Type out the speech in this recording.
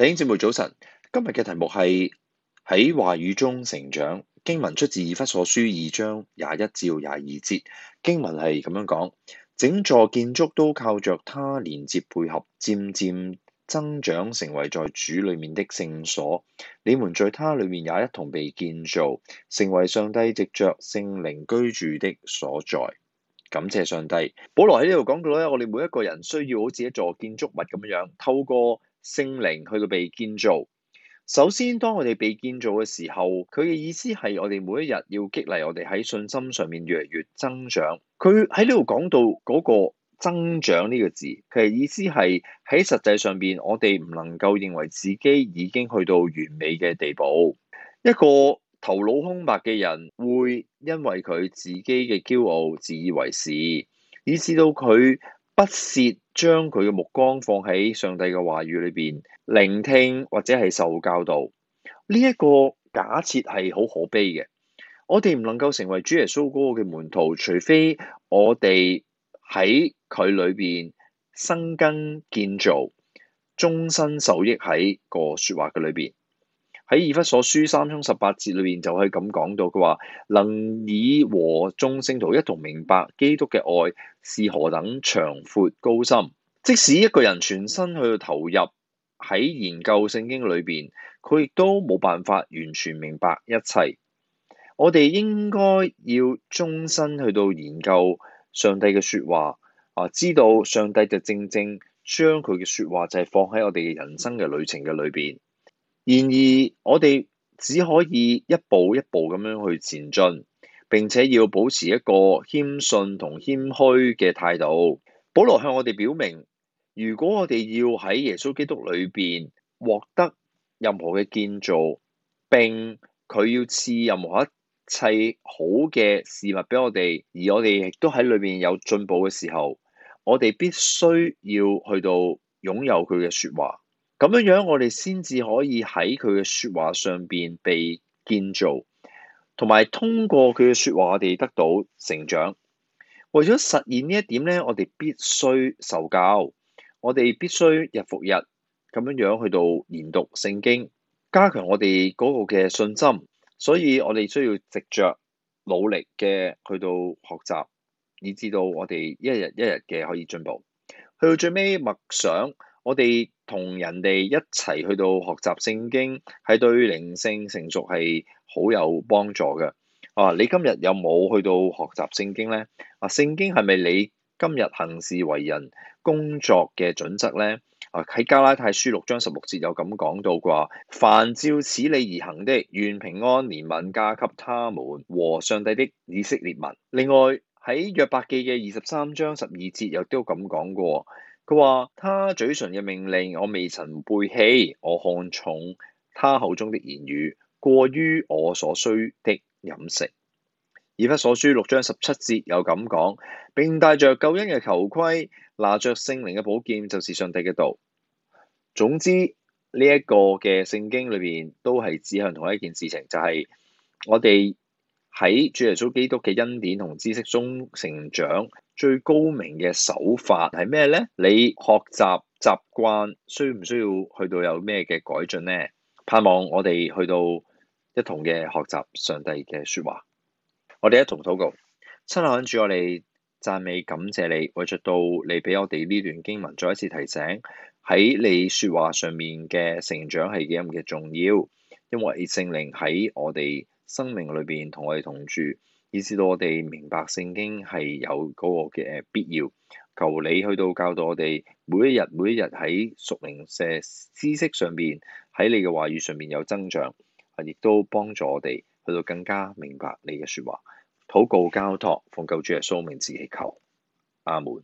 弟兄姊妹早晨，今日嘅題目係喺話語中成長。經文出自以弗所書二章廿一至廿二,二節，經文係咁樣講：整座建築都靠着他連接配合，漸漸增長，成為在主裏面的聖所。你們在他裏面也一同被建造，成為上帝藉着聖靈居住的所在。感謝上帝。保羅喺呢度講到咧，我哋每一個人需要好似一座建築物咁樣，透過。聖靈去到被建造。首先，當我哋被建造嘅時候，佢嘅意思係我哋每一日要激勵我哋喺信心上面越嚟越增長。佢喺呢度講到嗰個增長呢個字，其實意思係喺實際上邊，我哋唔能夠認為自己已經去到完美嘅地步。一個頭腦空白嘅人會因為佢自己嘅驕傲、自以為是，以至到佢。不屑將佢嘅目光放喺上帝嘅話語裏邊，聆聽或者係受教導。呢、這、一個假設係好可悲嘅。我哋唔能夠成為主耶穌嗰個嘅門徒，除非我哋喺佢裏邊生根建造，終身受益喺個説話嘅裏邊。喺《以弗所書》三章十八節裏面就可以咁講到，佢話能以和眾聖徒一同明白基督嘅愛是何等長闊高深。即使一個人全身去到投入喺研究聖經裏邊，佢亦都冇辦法完全明白一切。我哋應該要終身去到研究上帝嘅説話，啊，知道上帝就正正將佢嘅説話就係放喺我哋嘅人生嘅旅程嘅裏邊。然而，我哋只可以一步一步咁樣去前進，並且要保持一個謙遜同謙虛嘅態度。保羅向我哋表明，如果我哋要喺耶穌基督裏邊獲得任何嘅建造，並佢要賜任何一切好嘅事物畀我哋，而我哋亦都喺裏邊有進步嘅時候，我哋必須要去到擁有佢嘅說話。咁樣樣，我哋先至可以喺佢嘅說話上邊被建造，同埋通過佢嘅說話，我哋得到成長。為咗實現呢一點咧，我哋必須受教，我哋必須日復日咁樣樣去到研讀聖經，加強我哋嗰個嘅信心。所以我哋需要藉著努力嘅去到學習，以至到我哋一日一日嘅可以進步。去到最尾默想，我哋，同人哋一齊去到學習聖經，係對靈性成熟係好有幫助嘅。啊，你今日有冇去到學習聖經呢？啊，聖經係咪你今日行事為人工作嘅準則呢？啊，喺加拉太書六章十六節有咁講到啩，凡照此理而行的，願平安憐憫加給他們和上帝的以色列民。另外喺約伯記嘅二十三章十二節又都咁講嘅。佢話：他嘴唇嘅命令，我未曾背棄；我看重他口中的言語，過於我所需的飲食。以弗所書六章十七節有咁講，並帶着救恩嘅頭盔，拿著聖靈嘅寶劍，就是上帝嘅道。總之，呢、這、一個嘅聖經裏面都係指向同一件事情，就係、是、我哋喺主耶穌基督嘅恩典同知識中成長。最高明嘅手法係咩呢？你學習習慣需唔需要去到有咩嘅改進呢？盼望我哋去到一同嘅學習上帝嘅説話，我哋一同禱告，親愛嘅主，我哋讚美感謝你，為着到你俾我哋呢段經文再一次提醒喺你説話上面嘅成長係幾咁嘅重要，因為聖靈喺我哋生命裏邊同我哋同住。以致到我哋明白聖經係有嗰個嘅必要，求你去到教導我哋，每一日每一日喺屬靈嘅知識上邊，喺你嘅話語上面有增長，亦都幫助我哋去到更加明白你嘅說話。禱告、交託，奉救主耶穌名，自己求，阿門。